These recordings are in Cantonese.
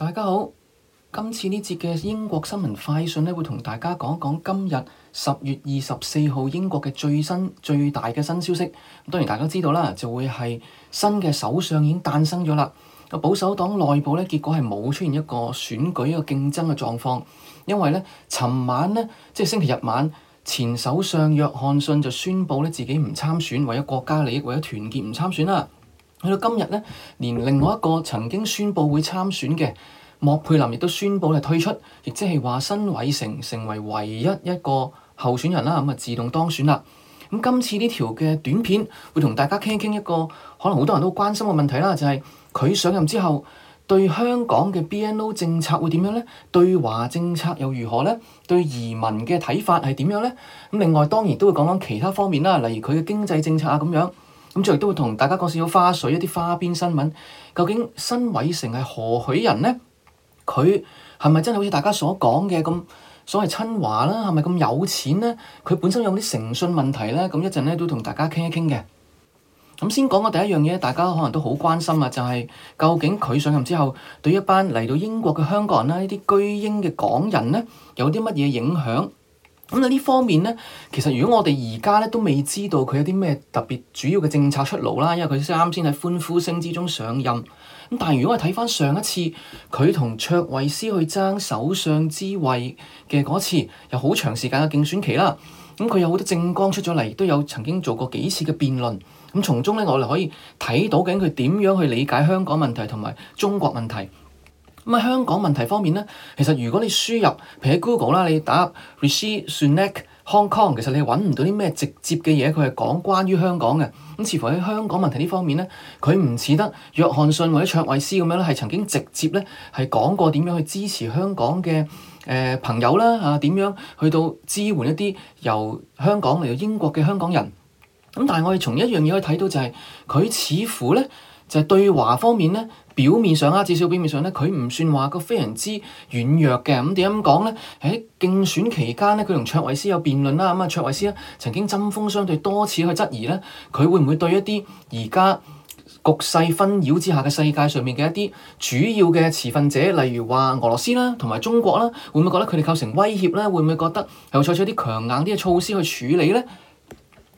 大家好，今次呢節嘅英國新聞快訊呢會同大家講一講今日十月二十四號英國嘅最新最大嘅新消息。當然大家知道啦，就會係新嘅首相已經誕生咗啦。個保守黨內部呢結果係冇出現一個選舉一個競爭嘅狀況，因為呢尋晚呢，即係星期日晚，前首相約翰遜就宣布呢自己唔參選，為咗國家利益，為咗團結唔參選啦。去到今日呢，連另外一個曾經宣佈會參選嘅莫佩林亦都宣佈係退出，亦即係話辛偉誠成為唯一一個候選人啦，咁啊自動當選啦。咁今次呢條嘅短片會同大家傾一傾一個可能好多人都關心嘅問題啦，就係、是、佢上任之後對香港嘅 BNO 政策會點樣呢？對華政策又如何呢？對移民嘅睇法係點樣呢？咁另外當然都會講講其他方面啦，例如佢嘅經濟政策啊咁樣。咁仲亦都會同大家講少少花絮，一啲花邊新聞。究竟辛偉誠係何許人呢？佢係咪真係好似大家所講嘅咁所謂親華啦？係咪咁有錢呢？佢本身有冇啲誠信問題呢？咁一陣呢，都同大家傾一傾嘅。咁先講個第一樣嘢，大家可能都好關心啊，就係究竟佢上任之後，對一班嚟到英國嘅香港人啦，呢啲居英嘅港人呢，有啲乜嘢影響？咁喺呢方面呢，其實如果我哋而家呢都未知道佢有啲咩特別主要嘅政策出爐啦，因為佢啱先喺歡呼聲之中上任。咁但如果我睇翻上一次佢同卓慧思去爭首相之位嘅嗰次，有好長時間嘅競選期啦。咁佢有好多政綱出咗嚟，都有曾經做過幾次嘅辯論。咁從中呢，我哋可以睇到緊佢點樣去理解香港問題同埋中國問題。咁香港問題方面咧，其實如果你輸入譬如 Google 啦，你打 Rishi Sunak Hong Kong，其實你揾唔到啲咩直接嘅嘢，佢係講關於香港嘅。咁似乎喺香港問題呢方面咧，佢唔似得約翰遜或者卓惠斯咁樣咧，係曾經直接咧係講過點樣去支持香港嘅、呃、朋友啦、啊、點樣去到支援一啲由香港嚟到英國嘅香港人。咁但係我哋從一樣嘢可以睇到就係、是，佢似乎咧。就係、是、對華方面呢，表面上啦，至少表面上呢，佢唔算話個非常之軟弱嘅。咁點樣咁講呢？喺競選期間呢，佢同卓偉斯有辯論啦。咁啊，卓偉斯啊曾經針鋒相對，多次去質疑呢，佢會唔會對一啲而家局勢紛擾之下嘅世界上面嘅一啲主要嘅持份者，例如話俄羅斯啦，同埋中國啦，會唔會覺得佢哋構成威脅呢？會唔會覺得係採取一啲強硬啲嘅措施去處理呢？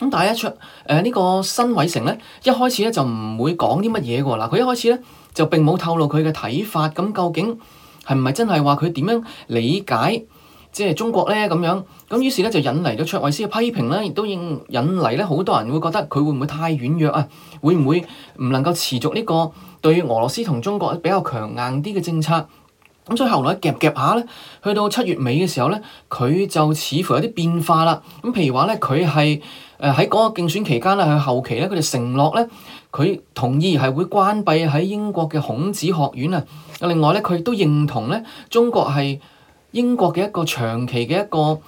咁但係阿卓誒呢個新偉成咧，一開始咧就唔會講啲乜嘢嘅喎。嗱，佢一開始咧就並冇透露佢嘅睇法。咁究竟係唔係真係話佢點樣理解即係中國咧咁樣？咁於是咧就引嚟咗卓慧思嘅批評啦，亦都引引嚟咧好多人會覺得佢會唔會太軟弱啊？會唔會唔能夠持續呢個對俄羅斯同中國比較強硬啲嘅政策？咁所以後來夾唔夾下咧，去到七月尾嘅時候咧，佢就似乎有啲變化啦。咁譬如話咧，佢係誒喺嗰個競選期間咧，佢後期咧，佢就承諾咧，佢同意係會關閉喺英國嘅孔子學院啊。另外咧，佢亦都認同咧，中國係英國嘅一個長期嘅一個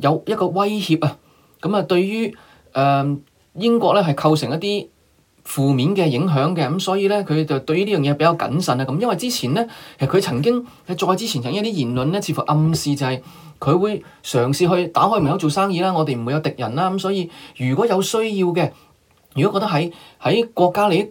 有一個威脅啊。咁啊，對於誒、呃、英國咧，係構成一啲負面嘅影響嘅，咁所以咧，佢就對於呢樣嘢比較謹慎啦咁，因為之前咧，佢曾經喺再之前，曾經啲言論咧，似乎暗示就係佢會嘗試去打開門口做生意啦，我哋唔會有敵人啦，咁所以如果有需要嘅，如果覺得喺喺國家利益，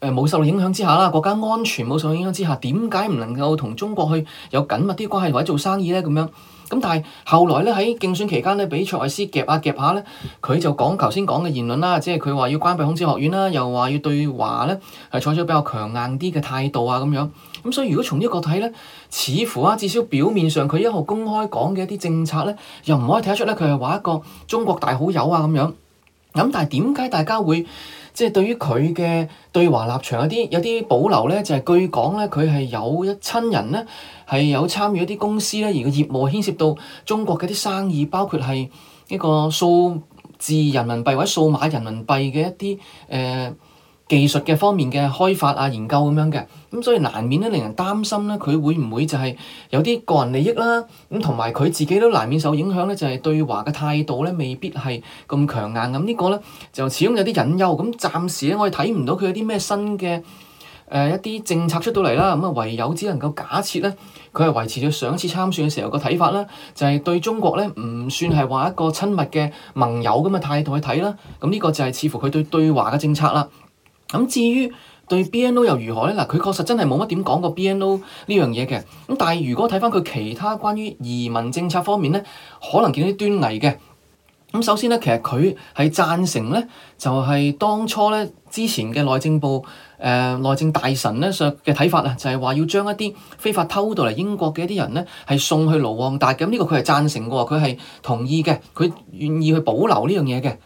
誒冇受到影響之下啦，國家安全冇受到影響之下，點解唔能夠同中國去有緊密啲關係或者做生意咧咁樣？咁但係後來咧喺競選期間咧，俾卓慧思夾下夾下咧，佢就講頭先講嘅言論啦，即係佢話要關閉孔子學院啦，又話要對華咧係採取比較強硬啲嘅態度啊咁樣。咁所以如果從呢個睇咧，似乎啊至少表面上佢一號公開講嘅一啲政策咧，又唔可以睇得出咧，佢係話一個中國大好友啊咁樣。咁但係點解大家會？即係對於佢嘅對華立場有啲有啲保留咧，就係據講咧，佢係有一親人咧係有參與一啲公司咧，而個業務牽涉到中國嘅啲生意，包括係呢個數字人民幣或者數碼人民幣嘅一啲誒、呃技術嘅方面嘅開發啊、研究咁樣嘅，咁所以難免都令人擔心咧。佢會唔會就係有啲個人利益啦？咁同埋佢自己都難免受影響咧，就係、是、對華嘅態度咧，未必係咁強硬咁。咁呢個咧就始終有啲隱憂。咁暫時咧，我哋睇唔到佢有啲咩新嘅誒、呃、一啲政策出到嚟啦。咁啊，唯有只能夠假設咧，佢係維持咗上次參選嘅時候個睇法啦，就係、是、對中國咧唔算係話一個親密嘅盟友咁嘅態度去睇啦。咁呢個就係似乎佢對對華嘅政策啦。咁至於對 BNO 又如何呢？嗱，佢確實真係冇乜點講過 BNO 呢樣嘢嘅。咁但係如果睇翻佢其他關於移民政策方面呢，可能見到啲端倪嘅。咁首先呢，其實佢係贊成呢，就係、是、當初呢，之前嘅內政部誒、呃、內政大臣呢嘅睇法呢，就係、是、話要將一啲非法偷渡嚟英國嘅一啲人呢，係送去盧旺達咁呢、這個佢係贊成嘅喎，佢係同意嘅，佢願意去保留呢樣嘢嘅。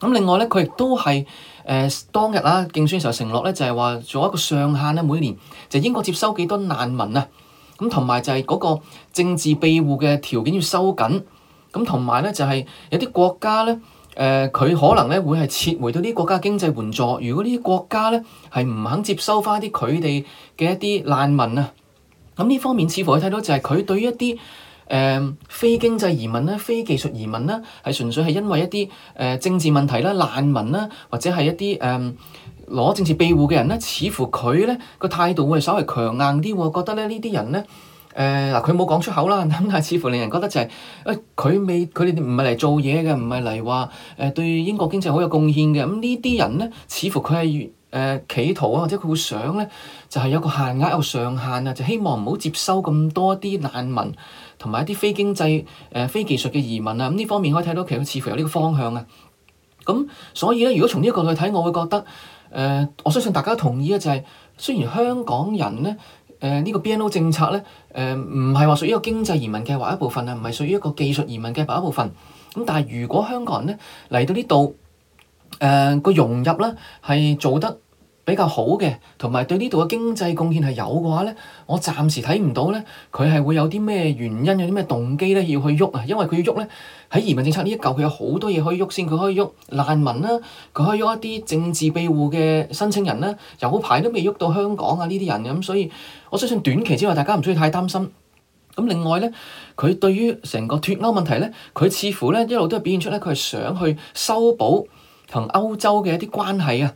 咁另外呢，佢亦都係。誒、呃、當日啦、啊，競選時候承諾咧就係、是、話做一個上限咧、啊，每年就英國接收幾多難民啊，咁同埋就係嗰個政治庇護嘅條件要收緊，咁同埋咧就係、是、有啲國家咧，誒、呃、佢可能咧會係撤回到啲國家嘅經濟援助，如果呢啲國家咧係唔肯接收翻啲佢哋嘅一啲難民啊，咁、嗯、呢方面似乎可以睇到就係佢對於一啲，誒、嗯、非經濟移民咧，非技術移民咧，係純粹係因為一啲誒、呃、政治問題啦、難民啦，或者係一啲誒攞政治庇護嘅人咧，似乎佢咧個態度會係稍微強硬啲，覺得咧呢啲人咧誒嗱佢冇講出口啦，咁但係似乎令人覺得就係誒佢未佢哋唔係嚟做嘢嘅，唔係嚟話誒對英國經濟好有貢獻嘅咁、嗯、呢啲人咧，似乎佢係誒企圖或者佢會想咧就係、是、有個限額、有上限啊，就希望唔好接收咁多啲難民。同埋一啲非經濟、呃、非技術嘅移民啊，咁呢方面可以睇到其實他似乎有呢個方向啊。咁所以咧，如果從呢一個角度去睇，我會覺得、呃、我相信大家同意啊、就是，就係雖然香港人咧呢、呃這個 BNO 政策咧唔係話屬於一個經濟移民嘅或一部分啊，唔係屬於一個技術移民嘅或一部分。咁但係如果香港人咧嚟到呢度誒個融入咧係做得。比較好嘅，同埋對呢度嘅經濟貢獻係有嘅話呢，我暫時睇唔到呢。佢係會有啲咩原因、有啲咩動機呢？要去喐啊？因為佢要喐呢。喺移民政策呢一嚿，佢有好多嘢可以喐先，佢可以喐難民啦、啊，佢可以喐一啲政治庇護嘅申請人啦、啊，有排都未喐到香港啊呢啲人咁，所以我相信短期之內，大家唔需要太擔心。咁另外呢，佢對於成個脱歐問題呢，佢似乎呢一路都係表現出呢，佢係想去修補同歐洲嘅一啲關係啊。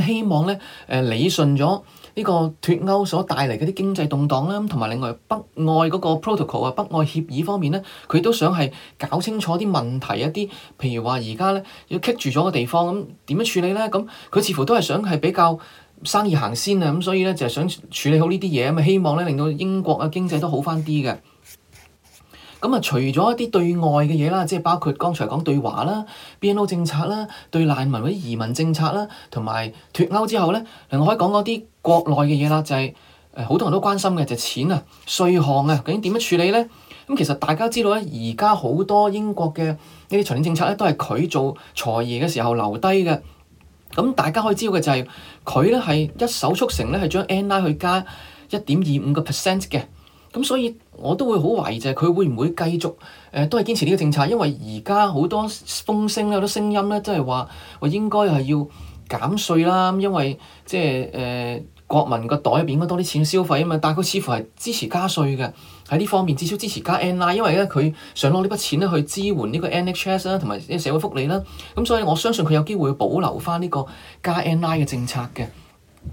希望咧，理順咗呢個脱歐所帶嚟嗰啲經濟動盪啦，同埋另外北愛嗰個 protocol 啊，北愛協議方面咧，佢都想係搞清楚啲問題一啲，譬如話而家咧要棘住咗嘅地方，咁點樣處理咧？咁佢似乎都係想係比較生意行先啊，咁所以咧就係想處理好呢啲嘢啊，希望咧令到英國嘅經濟都好翻啲嘅。咁啊，除咗一啲對外嘅嘢啦，即係包括剛才講對華啦、BNO 政策啦、對難民嗰啲移民政策啦，同埋脱歐之後咧，另外可以講嗰啲國內嘅嘢啦，就係誒好多人都關心嘅就係、是、錢啊、稅項啊，究竟點樣處理咧？咁其實大家知道咧，而家好多英國嘅呢啲財政政策咧，都係佢做財爺嘅時候留低嘅。咁大家可以知道嘅就係佢咧係一手促成咧係將 NI 去加一點二五個 percent 嘅，咁所以。我都會好懷疑就係佢會唔會繼續誒、呃、都係堅持呢個政策，因為而家好多風聲有啲聲音咧，都係話話應該係要減稅啦，因為即係誒國民個袋入邊應該多啲錢消費啊嘛，但係佢似乎係支持加稅嘅，喺呢方面至少支持加 NI，因為咧佢想攞呢筆錢咧去支援呢個 NHS 啦同埋社會福利啦，咁所以我相信佢有機會保留翻呢個加 NI 嘅政策嘅。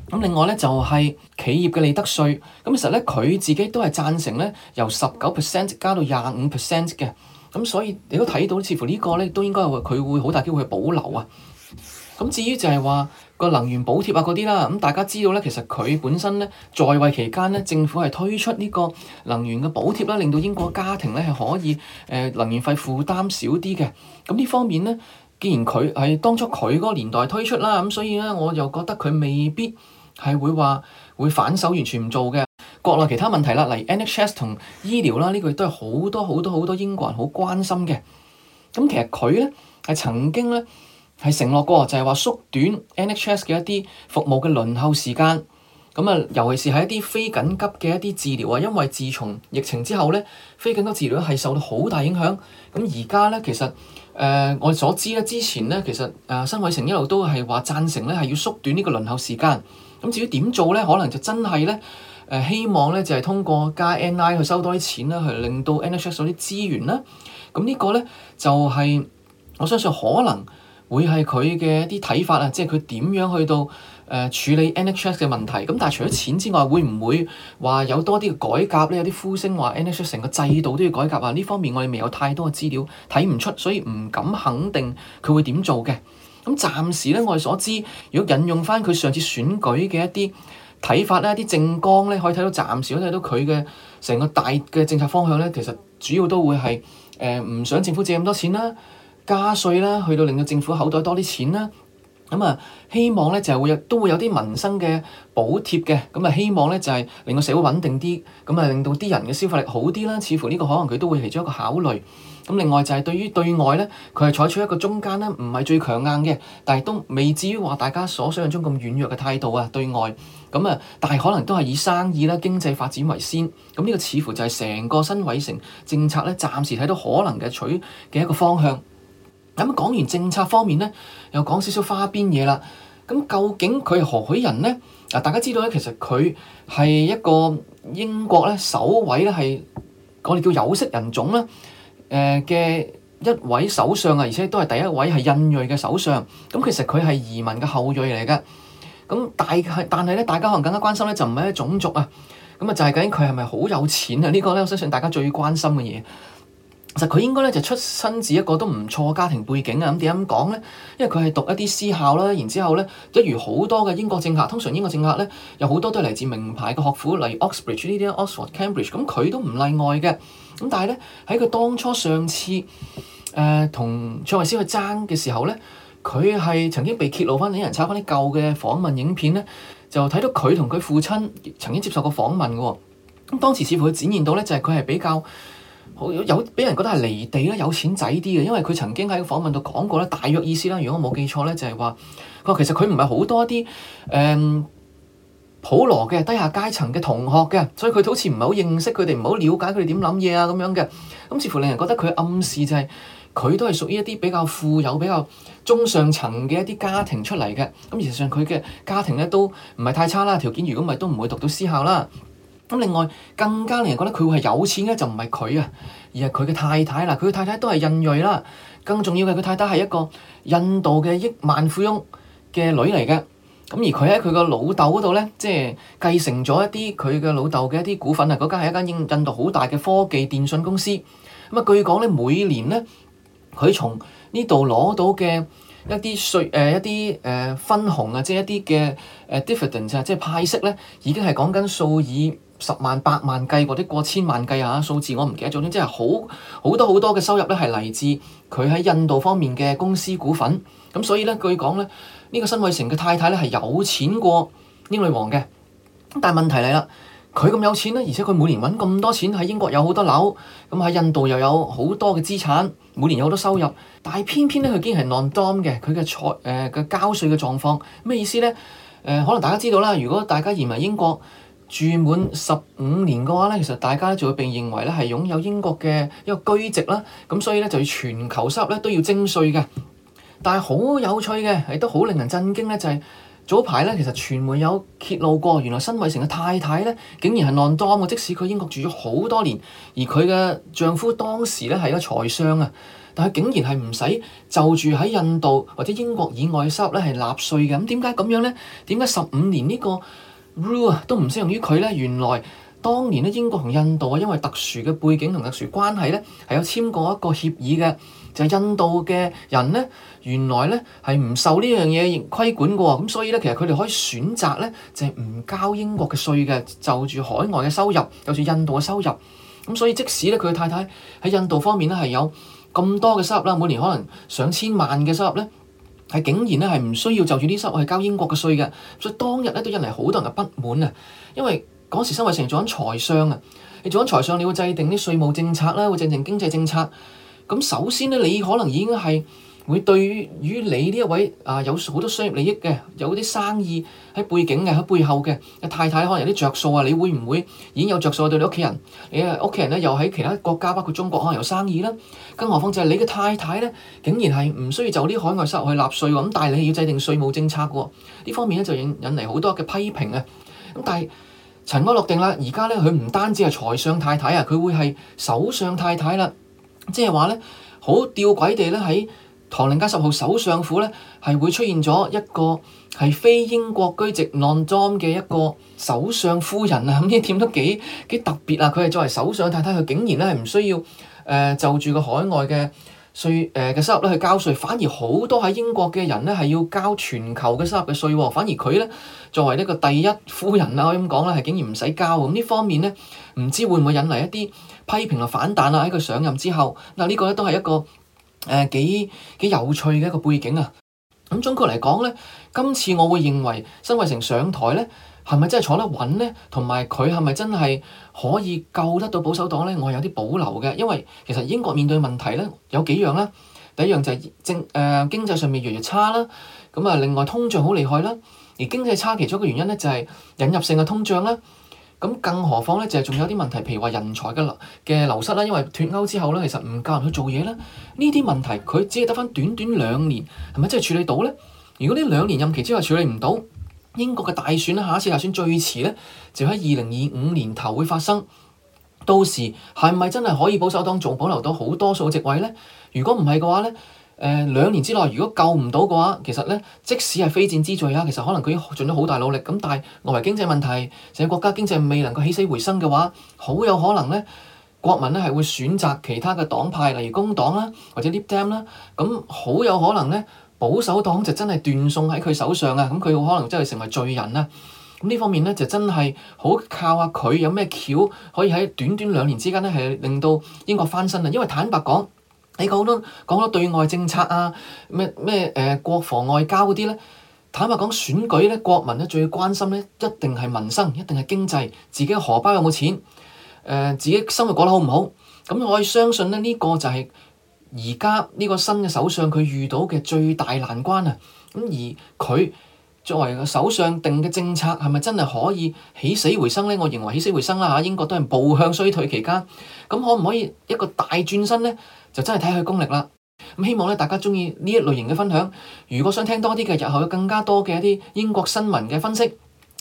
咁另外咧就係企業嘅利得稅，咁其實咧佢自己都係贊成咧由十九 percent 加到廿五 percent 嘅，咁所以你都睇到，似乎呢個咧都應該係佢會好大機會去保留啊。咁至於就係話個能源補貼啊嗰啲啦，咁大家知道咧，其實佢本身咧在位期間咧，政府係推出呢個能源嘅補貼啦，令到英國家庭咧係可以誒能源費負擔少啲嘅，咁呢方面咧。既然佢係當初佢嗰個年代推出啦，咁所以咧，我又覺得佢未必係會話會反手完全唔做嘅。國內其他問題啦，例如 NHS 同醫療啦，呢個亦都係好多好多好多英國人好關心嘅。咁其實佢咧係曾經咧係承諾過，就係話縮短 NHS 嘅一啲服務嘅輪候時間。咁啊，尤其是係一啲非緊急嘅一啲治療啊，因為自從疫情之後咧，非緊急治療係受到好大影響。咁而家咧，其實誒、呃、我所知咧，之前咧，其實誒、呃、辛偉誠一路都係話贊成咧，係要縮短呢個輪候時間。咁至於點做咧，可能就真係咧誒希望咧，就係、是、通過加 NI 去收多啲錢啦，去令到 NHS 嗰啲資源啦。咁呢個咧就係、是、我相信可能會係佢嘅一啲睇法啊，即係佢點樣去到。誒、呃、處理 NHS 嘅問題，咁但係除咗錢之外，會唔會話有多啲嘅改革呢？有啲呼聲話 NHS 成個制度都要改革，啊。呢方面我哋未有太多嘅資料，睇唔出，所以唔敢肯定佢會點做嘅。咁暫時呢，我哋所知，如果引用翻佢上次選舉嘅一啲睇法呢，啲政綱呢，可以睇到暫時可以睇到佢嘅成個大嘅政策方向呢，其實主要都會係誒唔想政府借咁多錢啦，加稅啦，去到令到政府口袋多啲錢啦。咁、嗯、啊，希望咧就係會有都會有啲民生嘅補貼嘅，咁、嗯、啊希望咧就係、是、令個社會穩定啲，咁、嗯、啊令到啲人嘅消費力好啲啦。似乎呢個可能佢都會其中一個考慮。咁、嗯、另外就係對於對外咧，佢係採取一個中間咧，唔係最強硬嘅，但係都未至於話大家所想像中咁軟弱嘅態度啊。對外咁啊、嗯，但係可能都係以生意啦、經濟發展為先。咁、嗯、呢、這個似乎就係成個辛偉誠政策咧，暫時睇到可能嘅取嘅一個方向。咁講完政策方面咧，又講少少花邊嘢啦。咁究竟佢係何許人呢？啊，大家知道咧，其實佢係一個英國咧首位咧係我哋叫有色人種啦。誒嘅一位首相啊，而且都係第一位係印裔嘅首相。咁其實佢係移民嘅後裔嚟嘅。咁大係，但係咧，大家可能更加關心咧，就唔係一種族啊。咁啊，就係究竟佢係咪好有錢啊？呢個咧，我相信大家最關心嘅嘢。其實佢應該咧就出生自一個都唔錯家庭背景啊！咁點解咁講呢？因為佢係讀一啲私校啦，然之後呢，一如好多嘅英國政客，通常英國政客呢有好多都係嚟自名牌嘅學府，例如 Oxbridge 呢啲、Oxford Cambridge、嗯、Cambridge，咁佢都唔例外嘅。咁、嗯、但係呢，喺佢當初上次誒、呃、同卓慧思去爭嘅時候呢，佢係曾經被揭露翻有人查翻啲舊嘅訪問影片呢，就睇到佢同佢父親曾經接受過訪問嘅、哦。咁當時似乎佢展現到呢，就係佢係比較。好有俾人覺得係離地啦，有錢仔啲嘅，因為佢曾經喺個訪問度講過咧，大約意思啦，如果我冇記錯咧，就係話佢其實佢唔係好多啲誒、嗯、普羅嘅低下階層嘅同學嘅，所以佢好似唔係好認識佢哋，唔係好了解佢哋點諗嘢啊咁樣嘅，咁、嗯、似乎令人覺得佢暗示就係、是、佢都係屬於一啲比較富有、比較中上層嘅一啲家庭出嚟嘅，咁、嗯、事實上佢嘅家庭咧都唔係太差啦，條件如果唔係都唔會讀到私校啦。咁另外更加令人覺得佢會係有錢嘅就唔係佢啊，而係佢嘅太太啦。佢嘅太太都係印裔啦，更重要嘅，佢太太係一個印度嘅億萬富翁嘅女嚟嘅。咁而佢喺佢個老豆嗰度咧，即係繼承咗一啲佢嘅老豆嘅一啲股份啊。嗰間係一間印度好大嘅科技電訊公司。咁啊，據講咧每年咧，佢從呢度攞到嘅一啲稅、呃、一啲分紅啊，即係一啲嘅誒 dividend 啊，即係派息咧，已經係講緊數以十萬百萬計或者過千萬計啊，數字，我唔記得咗啦，即係好好多好多嘅收入咧，係嚟自佢喺印度方面嘅公司股份。咁所以咧，據講咧，呢、這個辛偉誠嘅太太咧係有錢過英女王嘅。但係問題嚟啦，佢咁有錢咧，而且佢每年揾咁多錢，喺英國有好多樓，咁喺印度又有好多嘅資產，每年有好多收入。但係偏偏咧佢竟然係 non-dom 嘅，佢嘅財誒嘅交稅嘅狀況咩意思呢？誒、呃、可能大家知道啦，如果大家移民英國。住滿十五年嘅話咧，其實大家就會被認為咧係擁有英國嘅一個居籍啦。咁所以咧就要全球收入咧都要徵稅嘅。但係好有趣嘅，亦都好令人震驚咧，就係、是、早排咧其實傳媒有揭露過，原來辛偉誠嘅太太咧竟然係浪多啊！即使佢英國住咗好多年，而佢嘅丈夫當時咧係一個財相啊，但係竟然係唔使就住喺印度或者英國以外收入咧係納稅嘅。咁點解咁樣咧？點解十五年呢、這個？rule 啊，都唔適用於佢咧。原來當年咧，英國同印度啊，因為特殊嘅背景同特殊關係咧，係有簽過一個協議嘅，就係印度嘅人咧，原來咧係唔受呢樣嘢規管嘅喎。咁所以咧，其實佢哋可以選擇咧，就係唔交英國嘅稅嘅，就住海外嘅收入，就住印度嘅收入。咁所以即使咧，佢太太喺印度方面咧係有咁多嘅收入啦，每年可能上千萬嘅收入咧。係竟然咧係唔需要就住啲收入去交英國嘅稅嘅，所以當日咧都引嚟好多人嘅不滿啊！因為嗰時辛偉誠做緊財相啊，你做緊財相，你會制定啲稅務政策啦，會制定經濟政策。咁首先咧，你可能已經係。會對於你呢一位啊有好多商業利益嘅，有啲生意喺背景嘅，喺背後嘅太太可能有啲着數啊！你會唔會已經有着數對你屋企人？你啊屋企人咧又喺其他國家，包括中國可能有生意啦。更何況就係你嘅太太咧，竟然係唔需要就啲海外收入去納稅喎！咁但係你要制定稅務政策喎，呢方面咧就引引嚟好多嘅批評啊！咁但係塵埃落定啦，而家咧佢唔單止係財相太太啊，佢會係首相太太啦，即係話咧好吊詭地咧喺。唐寧街十號首相府咧，係會出現咗一個係非英國居籍浪莊嘅一個首相夫人啊！咁呢一點都幾幾特別啊！佢係作為首相太太，佢竟然咧係唔需要誒、呃、就住個海外嘅稅誒嘅、呃、收入咧去交稅，反而好多喺英國嘅人咧係要交全球嘅收入嘅稅喎。反而佢咧作為呢個第一夫人啊，我咁講咧，係竟然唔使交咁呢方面咧，唔知會唔會引嚟一啲批評啊反彈啊喺佢上任之後，嗱、這個、呢個咧都係一個。誒幾幾有趣嘅一個背景啊！咁總括嚟講呢，今次我會認為辛偉誠上台呢，係咪真係坐得穩呢？同埋佢係咪真係可以救得到保守黨呢？我有啲保留嘅，因為其實英國面對問題呢，有幾樣啦。第一樣就係政誒經濟上面越嚟越差啦。咁啊，另外通脹好厲害啦，而經濟差其中一個原因呢，就係、是、引入性嘅通脹啦。咁，更何況呢？就係仲有啲問題，譬如話人才嘅流失啦，因為脫歐之後呢，其實唔夠人去做嘢呢。呢啲問題佢只係得返短短兩年，係咪真係處理到呢？如果呢兩年任期之外處理唔到，英國嘅大選呢，下一次大選最遲呢，就喺二零二五年頭會發生。到時係咪真係可以保守黨仲保留到好多數席位呢？如果唔係嘅話呢。誒、呃、兩年之內如果救唔到嘅話，其實咧即使係非戰之罪啊，其實可能佢已經盡咗好大努力。咁但係外圍經濟問題，成個國家經濟未能夠起死回生嘅話，好有可能咧，國民咧係會選擇其他嘅黨派，例如工黨啦，或者 LibDem 啦。咁好有可能咧，保守黨就真係斷送喺佢手上啊！咁佢好可能真係成為罪人啊！咁呢方面咧就真係好靠下佢有咩橋可以喺短短兩年之間咧係令到英國翻身啊！因為坦白講。你講到講到對外政策啊，咩咩誒國防外交啲咧？坦白講，選舉咧，國民咧最關心咧，一定係民生，一定係經濟，自己荷包有冇錢，誒、呃、自己生活過得好唔好？咁我可以相信咧，呢、呢個就係而家呢個新嘅首相佢遇到嘅最大難關啊！咁而佢作為個首相定嘅政策係咪真係可以起死回生咧？我認為起死回生啦嚇，英國都係步向衰退期間，咁可唔可以一個大轉身咧？就真係睇佢功力啦。咁希望呢，大家鍾意呢一類型嘅分享。如果想聽多啲嘅，日後有更加多嘅一啲英國新聞嘅分析。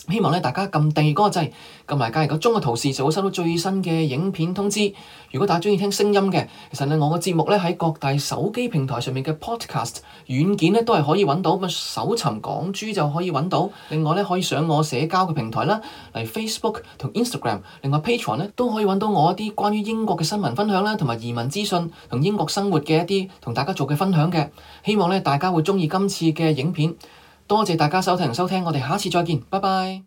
希望咧大家撳訂嗰個掣，撳埋加入個鐘嘅圖示，就會收到最新嘅影片通知。如果大家中意聽聲音嘅，其實咧我個節目咧喺各大手機平台上面嘅 Podcast 軟件咧都係可以揾到，咁搜尋港豬就可以揾到。另外咧可以上我社交嘅平台啦，例如 Facebook 同 Instagram，另外 Patreon 咧都可以揾到我一啲關於英國嘅新聞分享啦，同埋移民資訊同英國生活嘅一啲同大家做嘅分享嘅。希望咧大家會中意今次嘅影片。多謝大家收看收聽，我哋下次再見，拜拜。